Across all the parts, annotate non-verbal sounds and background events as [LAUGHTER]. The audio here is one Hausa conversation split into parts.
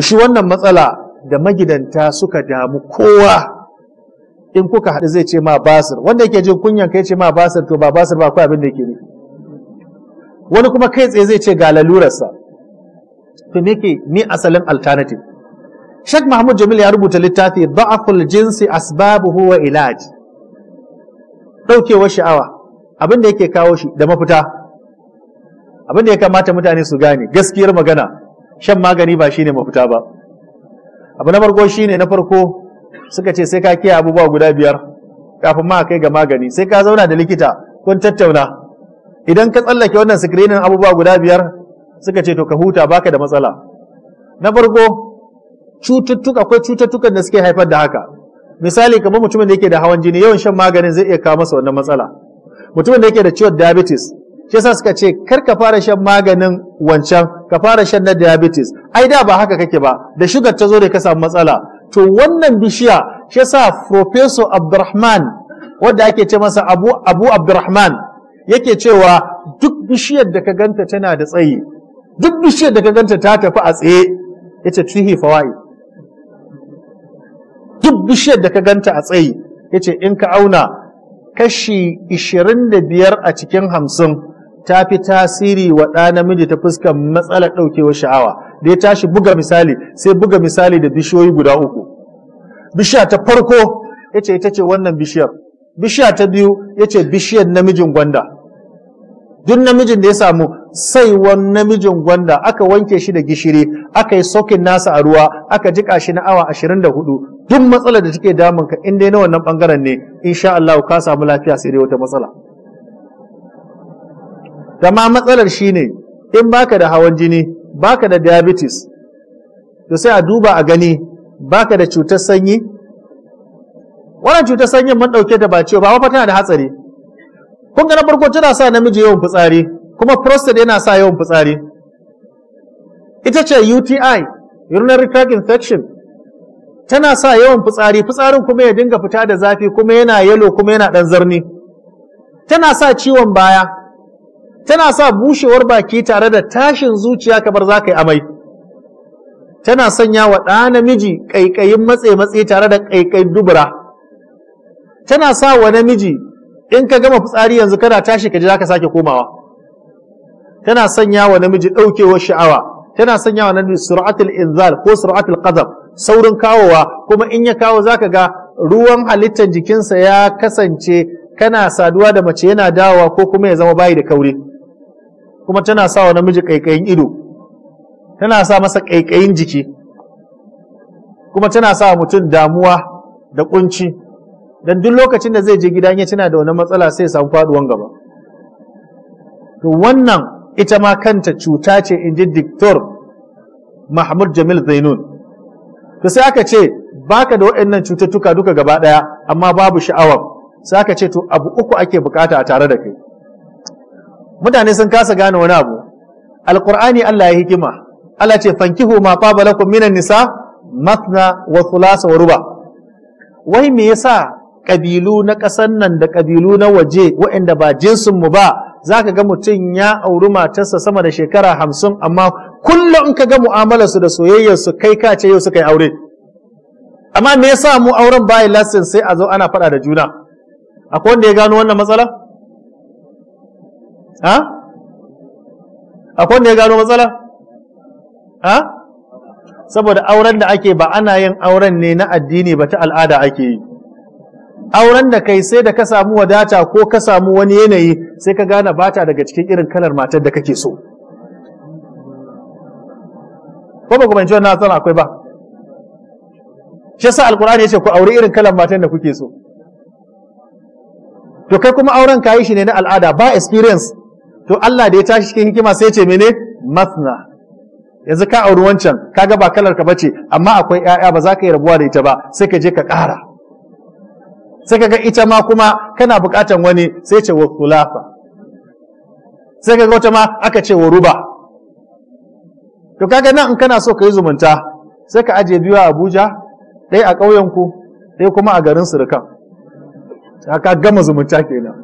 shi wannan matsala da magidanta suka damu kowa in kuka haɗu zai ce ma basir wanda yake jin kunyan kai ce ma basir to ba basir ba akwai abin da yake nufi wani kuma kai tsaye zai ce ga lalurarsa to me ni asalin alternative Sheikh Mahmud Jamil ya rubuta littafi da'aful jinsi asbabuhu wa ilaj daukewar sha'awa abin da yake kawo shi da mafita abin da ya kamata mutane su gane gaskiyar magana shan magani ba shine mafita ba abu na farko shine na farko suka ce sai ka kiyaye abubuwa guda biyar kafin ma kai ga magani sai ka zauna da likita kun tattauna idan ka tsallake wannan sikirinin abubuwa guda biyar suka ce to ka huta baka da matsala na farko cututtuka akwai cututtukan da suke haifar da haka misali kamar mutumin da yake da hawan jini yawan shan maganin zai iya kawo masa wannan matsala mutumin da yake da ciwon diabetes shi yasa suka ce kar ka fara shan maganin wancan ka fara shan na diabetes ai da ba haka kake ba da sugar ta zo da ka samu matsala to wannan bishiya shi yasa professor Abdurrahman wanda ake ce masa Abu Abu Abdurrahman yake cewa duk bishiyar da ka ganta tana da tsayi duk bishiyar da ka ganta ta tafi a tsaye yace fihi fawai duk bishiyar da ka ganta a tsayi yace in ka auna kashi 25 a cikin hamsin ta fi tasiri wa ɗa namiji ta fuskar matsalar ɗaukewar sha'awa da ya tashi buga misali sai buga misali da bishiyoyi guda uku bishiya ta farko ya ce ita ce wannan bishiyar bishiya ta biyu ya ce bishiyar namijin gwanda duk namijin da ya samu saiwan namijin gwanda aka wanke shi da gishiri aka yi sokin nasa a ruwa aka jika shi na awa 24 duk matsalar da take damunka in dai na wannan bangaren ne insha Allah ka samu lafiya sai dai wata matsala ma matsalar shi ne, in baka da hawan jini baka da diabetes to sai a duba a gani baka da cutar sanyi wannan cutar sanyin mun dauke ta ba ba fa tana da hatsari kun ga farko tana sa namiji yawan fitsari kuma prostate yana sa yawan fitsari ita ce UTI urinary tract infection tana sa yawan fitsari fitsarin kuma ya dinga fita da zafi kuma yana yalo kuma yana ɗan zarni tana sa ciwon baya tana sa bushewar baki tare da tashin zuciya kamar za ka yi amai tana sanya wa ɗa namiji ƙaiƙayin matse-matse tare da ƙaiƙayin dubura tana sa wa namiji in ka gama fitsari yanzu kana tashi ka ji za ka sake komawa tana sanya wa namiji ɗaukewar sha'awa tana sanya wa namiji sur'atul inzal ko sur'atul qadam saurin kawowa kuma in ya kawo zaka ga ruwan halittar jikinsa ya kasance kana saduwa da mace yana dawowa ko kuma ya zama bayi da kauri kuma tana sa wa namiji ƙaiƙayin ido tana sa masa ƙaiƙayin jiki kuma tana sa mutum damuwa da kunci don duk lokacin da zai je gidan ya tana da wani matsala sai samu faduwan gaba to wannan ita ma kanta cuta ce in ji diktor mahmud jamil zainun to sai aka ce baka da waɗannan cututtuka duka gaba ɗaya amma babu sha'awar sai aka ce to abu uku ake bukata a tare da kai mutane sun kasa gane wani abu alqur'ani Allah ya hikima Allah ce fankihu ma taba lakum minan nisa matna wa thulasa wa ruba wai me yasa kabilu na ƙasan nan da kabilu na waje waɗanda ba jinsin mu ba zaka ga mutum ya auri matarsa sama da shekara hamsin amma kullum in ka ga mu'amalar su da soyayyar su kai ka ce yau suka yi aure amma me yasa mu auren bai lasin sai a zo ana faɗa da juna akwai wanda ya gano wannan matsala ha akwai wanda ya gano matsala ha saboda auren da ake ba ana yin auren ne na addini ba ta al'ada ake yi auren da kai sai da ka samu wadata ko ka samu wani yanayi sai ka gane bata daga cikin irin kalar matar da kake so ko ba ku na wannan akwai ba shi yasa alkur'ani ce ku aure irin kalar matar da kuke so to kai kuma auren ka yi shi ne na al'ada ba experience to Allah da ya tashi cikin hikima sai ce mene masna yanzu ka auri wancan kaga ba kalar ka bace amma akwai ƴaƴa ba za ka yi rabuwa da ita ba sai ka je ka ƙara sai ka ga ita ma kuma kana buƙatan wani sai ce wa kulafa sai ka ga wata ma aka ce wa ruba to kaga nan in kana so ka yi zumunta sai ka aje biyu a Abuja ɗaya a ƙauyenku ɗaya kuma a garin Surukan ka gama zumunta kenan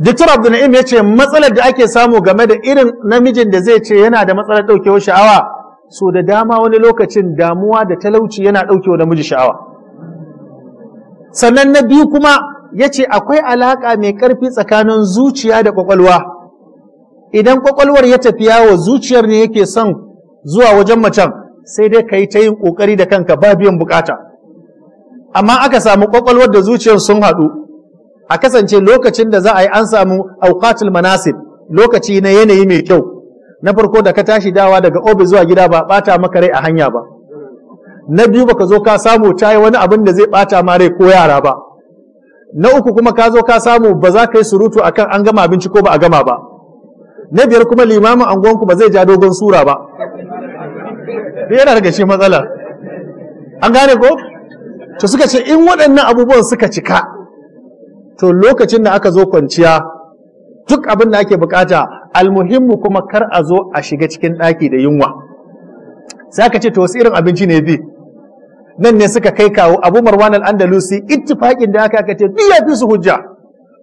Dr. Na'im ya ce matsalar da ake samu game da irin namijin da zai ce yana da matsalar ɗaukewar sha'awa so da dama wani lokacin damuwa da talauci yana ɗaukewa namiji sha'awa. Sannan na biyu kuma ya ce akwai alaƙa mai ƙarfi tsakanin zuciya da ƙwaƙwalwa. Idan ƙwaƙwalwar ya tafi yawo zuciyar ne yake son zuwa wajen macen sai dai ka yi ta yin ƙoƙari da kanka ba biyan buƙata. Amma aka samu ƙwaƙwalwar da zuciyar sun haɗu a kasance lokacin da za a yi an samu auqatul manasib lokaci na yanayi mai kyau na farko da ka tashi dawa daga obi zuwa gida ba bata maka rai a hanya ba na biyu baka zo ka samu tayi wani abin da zai bata ma rai ko yara ba na uku kuma ka zo ka samu ba za ka yi surutu akan an gama abinci ko ba a gama ba na biyar kuma limamin angonku ba zai ja dogon sura ba yana daga shi matsala an gane ko to suka ce in waɗannan abubuwan suka cika to lokacin da aka zo kwanciya duk abin da ake bukata almuhimmu kuma kar a zo a shiga cikin ɗaki da yunwa sai aka ce to wasu irin abinci ne bi nan ne suka kai kawo abu marwan al-andalusi ittifaqin da aka ce duk ya fi su hujja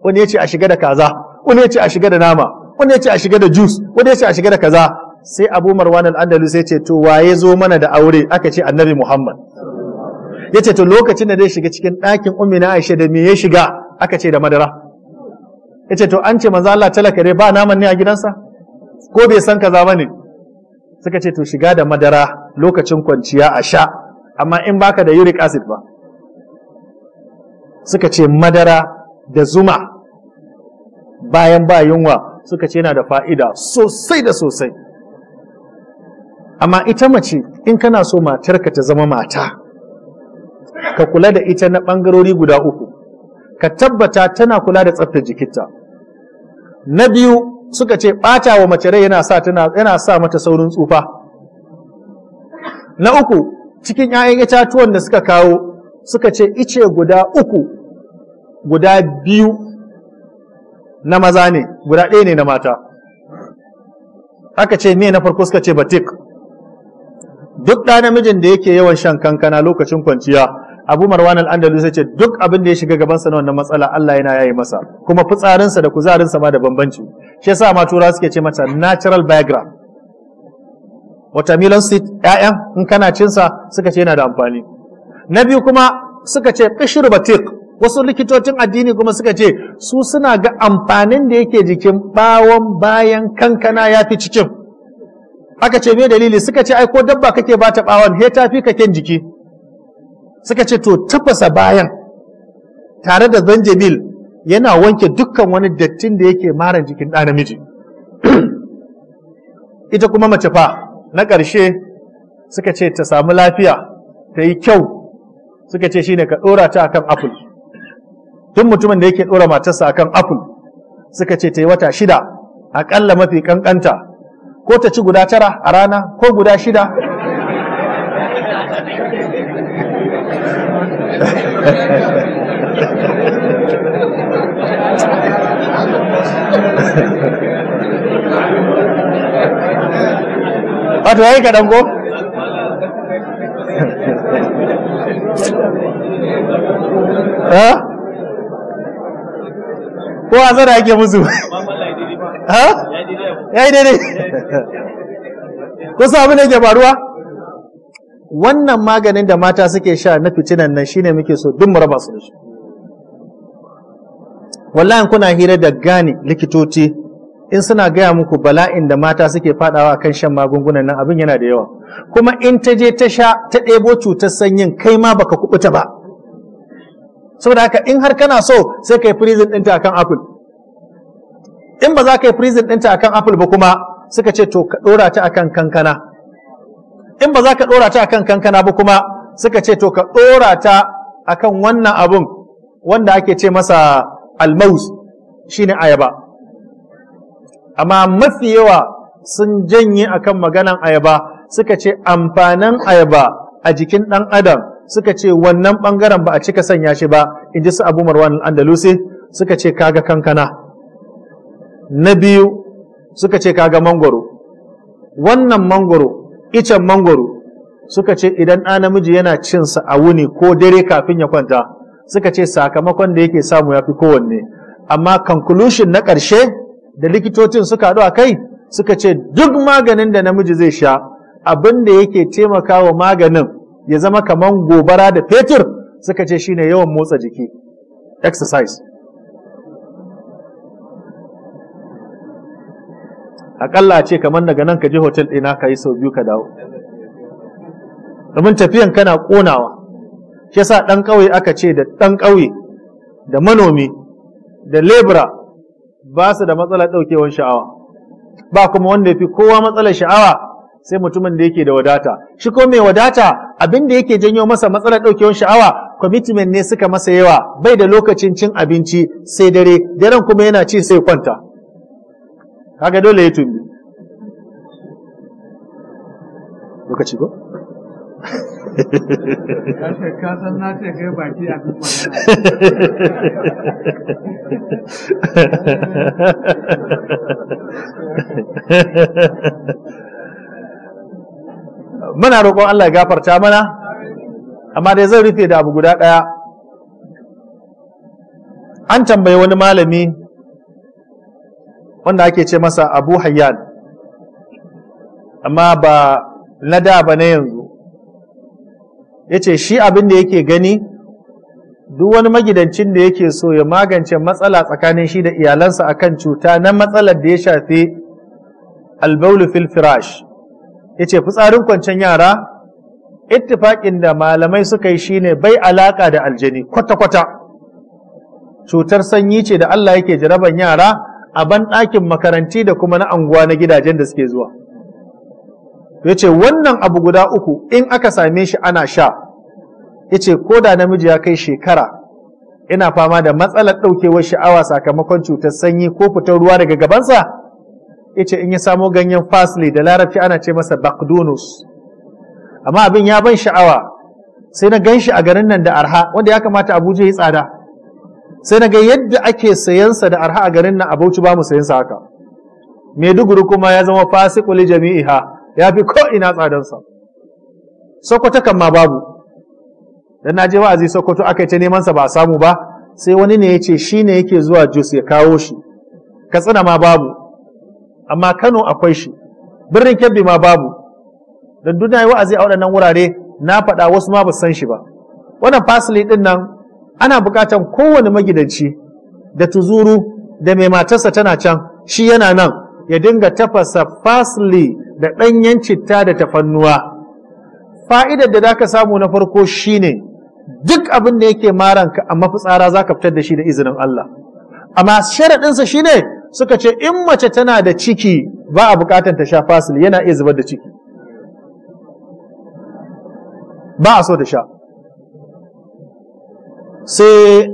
wani ya ce a shiga da kaza wani ya ce a shiga da nama wani ya ce a shiga da juice wani ya ce a shiga da kaza sai abu marwan al-andalusi ya ce to waye zo mana da aure aka ce annabi muhammad ya ce to lokacin da zai shiga cikin ɗakin ummi na aisha da me ya shiga aka ce da madara Ya ce to an ce manzo Allah talaka dai ba naman ne a gidansa ko bai san kaza ne? suka ce to shiga da madara lokacin kwanciya a sha amma in baka da uric acid ba suka ce madara da zuma bayan ba yunwa suka ce yana da fa'ida sosai da sosai amma ita mace in kana so matarka ta zama mata ka kula da ita na ɓangarori guda uku ka tabbata tana kula da tsaftar jikinta na biyu suka ce ɓata wa mace rai yana sa tana yana sa mata saurin tsufa na uku cikin 'ya'yan itatuwan da suka kawo suka ce ice guda uku guda biyu na maza ne guda ɗaya ne na mata aka ce me na farko suka ce batik duk ɗa namijin da yake yawan shan kankana lokacin kwanciya Abu Marwan al-Andalus ce duk abin da ya shiga gabansa na wannan matsala Allah yana yayi masa kuma fitsarinsa da kuzarinsa ma da bambanci shi yasa ma tura suke ce mata natural background watermelon seed ƴaƴan in kana cin sa suka ce yana da amfani na biyu kuma suka ce qishr batik wasu likitocin addini kuma suka ce su suna ga amfanin da yake jikin bawon bayan kankana ya fi cikin aka ce me dalili suka ce ai ko dabba kake bata bawon he tafi kaken jiki suka ce to tafasa bayan tare da zanjabil yana wanke dukkan wani dattin da yake maran jikin ɗa namiji [CLEARS THROAT] ita kuma mace fa na ƙarshe suka ce ta samu lafiya ta yi kyau suka ce shine ka ɗora ta akan apple Tun mutumin da yake ɗora matarsa akan apple suka ce ta yi wata shida aƙalla mafi ƙanƙanta ko ta ci guda tara a rana ko guda shida wato ya yi kaɗan ko? ko a zara ake musu ya yi daidai kusa abin da ke faruwa wannan maganin da mata suke sha na fitinan nan shine muke so duk mu raba su da shi wallahi kuna hira da gane likitoci in suna gaya muku bala'in da mata suke fadawa kan shan magungunan nan abin yana da yawa kuma in ta je ta sha ta ɗebo cutar sanyin kai ma baka kubuta ba saboda haka in har kana so sai kai prison ɗinta akan apple in ba za ka yi prison ɗinta akan apple ba kuma suka ce to ka ɗora ta akan kankana in ba za ka ɗora ta akan kankana ba kuma suka ce to ka ɗora ta akan wannan abun wanda ake ce masa almaus shine ayaba amma mafi yawa sun janye akan maganan ayaba suka ce amfanin ayaba a jikin ɗan adam suka ce wannan ɓangaren ba a cika sanya shi ba in ji su abu marwan andalusi suka ce kaga kankana na biyu suka ce kaga mangoro wannan mangoro icen mangoro suka ce idan ɗa namiji yana cinsa a wuni ko dare kafin ya kwanta suka ce sakamakon da yake samu ya fi kowanne amma conclusion na ƙarshe da likitocin suka haɗu a kai suka ce duk maganin da namiji zai sha abin da yake taimakawa maganin ya zama kamar gobara da fetur suka ce shine yawan motsa jiki exercise akalla ce kamar daga nan ka je hotel ɗina ka yi sau biyu ka dawo domin tafiyan kana ƙonawa shi yasa ɗan ƙauye aka ce da ɗan ƙauye da manomi da lebura ba su da matsalar ɗaukewar sha'awa ba kuma wanda ya fi kowa matsalar sha'awa sai mutumin da yake da wadata shi ko mai wadata abin da yake janyo masa matsalar ɗaukewar sha'awa commitment ne suka masa yawa bai da lokacin cin abinci sai dare daren kuma yana ci sai kwanta kaga dole ya tumbi lokaci ko muna roƙon Allah ya gafarta mana amma dai zan rufe da abu guda ɗaya an tambayi wani malami wanda ake ce masa abu hayyan amma ba na da ba na yanzu ya ce shi abin da yake gani duk wani magidancin da yake so ya magance matsala tsakanin shi da iyalansa akan cuta na matsalar da ya shafi albaulu fil ya ce fitsarin kwancen yara ittifaƙin da malamai suka yi shine bai alaƙa da aljani kwata-kwata cutar sanyi ce da Allah yake jaraban yara a ban ɗakin makaranti da kuma na anguwa na gidajen da suke zuwa ya ce wannan abu guda uku in aka same shi ana sha ya ce ko da namiji ya kai shekara ina fama da matsalar ɗaukewar sha'awa sakamakon cutar sanyi ko fitar ruwa daga gabansa ya ce in ya samo ganyen fasli da larabci ana ce masa bakdunus amma abin ya ban sha'awa sai na gan shi a garin nan da arha wanda ya kamata abuja ya tsada sai na ga yadda ake sayansa da arha a garin nan a Bauchi ba mu sayansa haka Maiduguri kuma ya zama jami'i jami'iha ya fi ko ina tsadansa Sokoto kan ma babu dan naje wa'azi Sokoto aka yi ta neman sa ba a samu ba sai wani ne ya ce shi ne yake zuwa Jos ya kawo shi Katsina ma babu amma Kano akwai shi birnin Kebbi ma babu dan duniya wa'azi a waɗannan wurare na faɗa wasu ma ba san shi ba wannan fasili din nan ana buƙatar kowane magidanci da tuzuru da mai matarsa tana can shi yana nan ya dinga tafasa fasli da ɗanyen citta da tafannuwa fa'idar da zaka samu na farko shine duk abin da yake maranka a mafitsara zaka fitar da shi da izinin Allah amma sharaɗinsa shine suka ce in mace tana da ciki ba a buƙatar ta sha fasili yana iya zubar da ciki ba a so da sha sai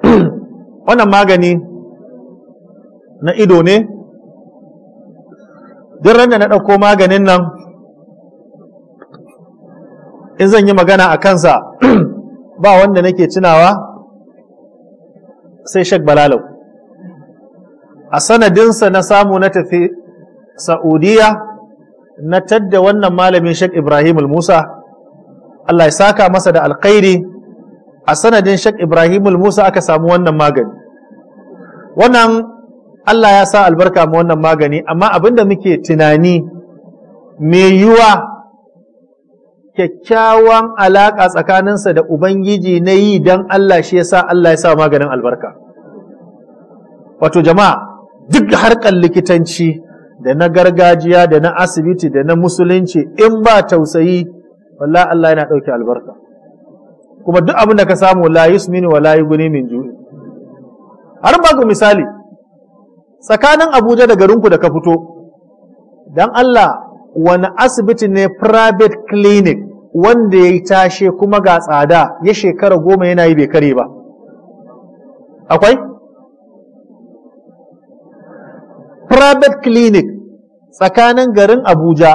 [CLEARS THROAT] wannan magani na ido ne duk na ɗauko maganin nan in zan yi magana a kansa [CLEARS THROAT] ba wanda nake tunawa sai shek balalau a sanadinsa na samu na tafi sa'udiyya na tadda wannan malamin Sheikh Ibrahim Musa Allah ya saka masa da alkhairi a sanadin Sheikh Ibrahim Musa aka samu wannan magani wannan Allah ya sa albarka ma wannan magani amma abinda muke tunani mai yiwa kyakkyawan alaƙa tsakaninsa da Ubangiji na yi don Allah shi yasa Allah ya sa maganin albarka. Wato jama'a duk harkar likitanci da na gargajiya da na asibiti da na musulunci in ba tausayi wallahi Allah yana ɗauke albarka kuma duk abin da ka samu la yusmini wa la yughni min ju'i har ba ku misali tsakanin Abuja da garinku da ka fito dan Allah wani asibiti ne private clinic wanda ya tashe kuma ga tsada ya shekara goma yana yi bai kare ba akwai private clinic tsakanin garin Abuja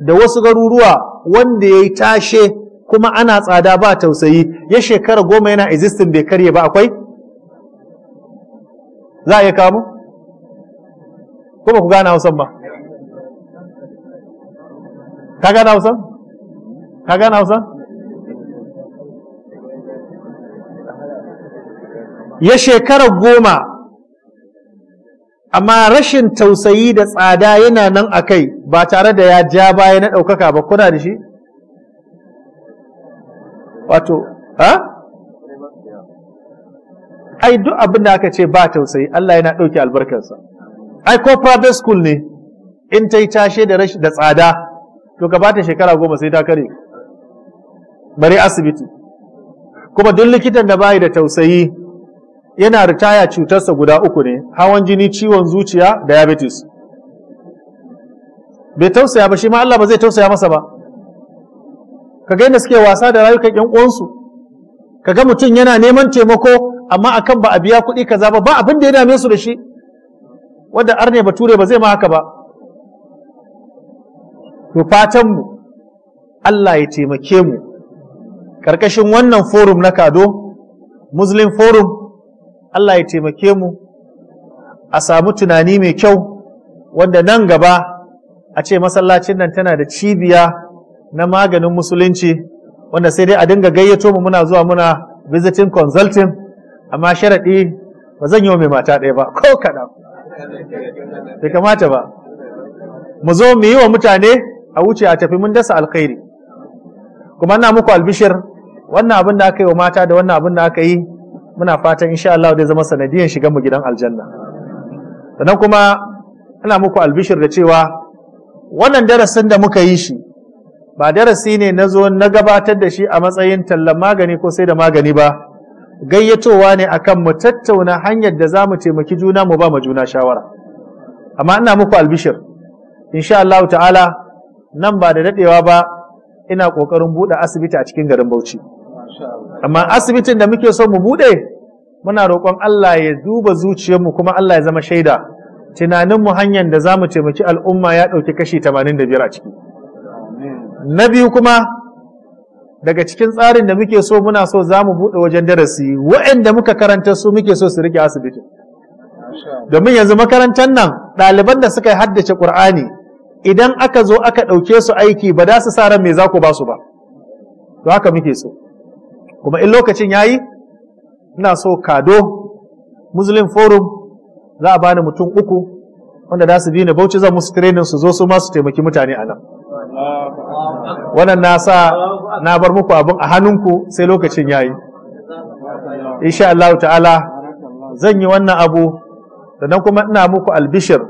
da wasu garuruwa wanda ya yi tashe kuma ana tsada ba tausayi ya shekara goma yana existing bai karye ba akwai? Za a iya kamu? Kuma ku gane hausan ba? Ka gane hausan? Ka gane hausan? Ya shekara goma amma rashin tausayi da tsada yana nan a kai ba tare da ya ja baya na ɗaukaka ba kuna da shi? wato ha? ai duk abin da aka ce ba tausayi Allah yana ɗauke albarkarsa ai ko private school ne in ta yi tashe da da tsada to gabata shekara goma sai ta kare bare asibiti kuma duk likitan da bayi da tausayi yana ritaya cutarsa guda uku ne hawan jini ciwon zuciya diabetes bai tausaya ba shi ma Allah ba zai tausaya masa ba ka ga suke wasa da rayukan yan uwansu ka ga mutum yana neman taimako amma akan ba a biya kuɗi kaza ba ba abin da ya dame su da shi wanda arne bature ba zai ma haka ba to fatan mu Allah ya taimake mu karkashin wannan forum na kado muslim forum Allah ya taimake mu a samu tunani mai kyau wanda nan gaba a ce masallacin nan tana da cibiya na maganin musulunci wanda sai dai a dinga gayyato mu muna zuwa muna visiting consulting amma sharaɗi ba zan yi wa mai mata ɗaya ba ko kaɗan bai kamata ba mu zo mu yi wa mutane a wuce a tafi mun dasa alkhairi kuma na muku albishir wannan abin da aka yi wa mata da wannan abin da aka yi muna fatan insha Allah zai zama sanadiyan shiga mu gidan aljanna sannan kuma ina muku albishir da cewa wannan darasin da muka yi shi ba darasi ne na zo na gabatar da shi a matsayin tallan magani ko sai da magani ba gayyatowa ne akan mu tattauna hanyar da za mu taimaki juna mu ba mu juna shawara amma ina muku albishir insha Allah ta'ala nan ba da dadewa ba ina kokarin bude asibiti a cikin garin Bauchi amma asibitin da muke so mu bude muna roƙon Allah ya duba zuciyarmu kuma Allah ya zama shaida tunaninmu hanyar da za mu taimaki al'umma ya ɗauki kashi 85 a ciki na biyu kuma daga cikin tsarin da muke so muna so za mu buɗe wajen darasi waɗanda muka karanta su muke so su rike asibitin domin yanzu makarantar nan ɗaliban da suka haddace ƙur'ani idan aka zo aka ɗauke su aiki ba za su sa ran me za ku ba su ba to haka muke so kuma in lokacin ya yi, ina so kado muslim forum za a bani mutum uku wanda za su bi ni bauchi zan musu training su zo su ma su taimaki mutane a nan wannan na sa na bar muku abin a hannunku sai lokacin yi insha Allah ta'ala zan yi wannan abu sannan kuma ina muku albishir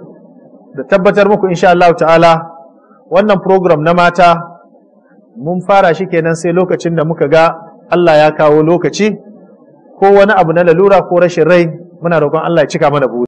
da tabbatar muku insha Allah ta'ala wannan program na mata mun fara shi kenan sai lokacin da muka ga Allah ya kawo lokaci ko wani abu na lalura ko rashin rai muna roƙon Allah ya cika mana buri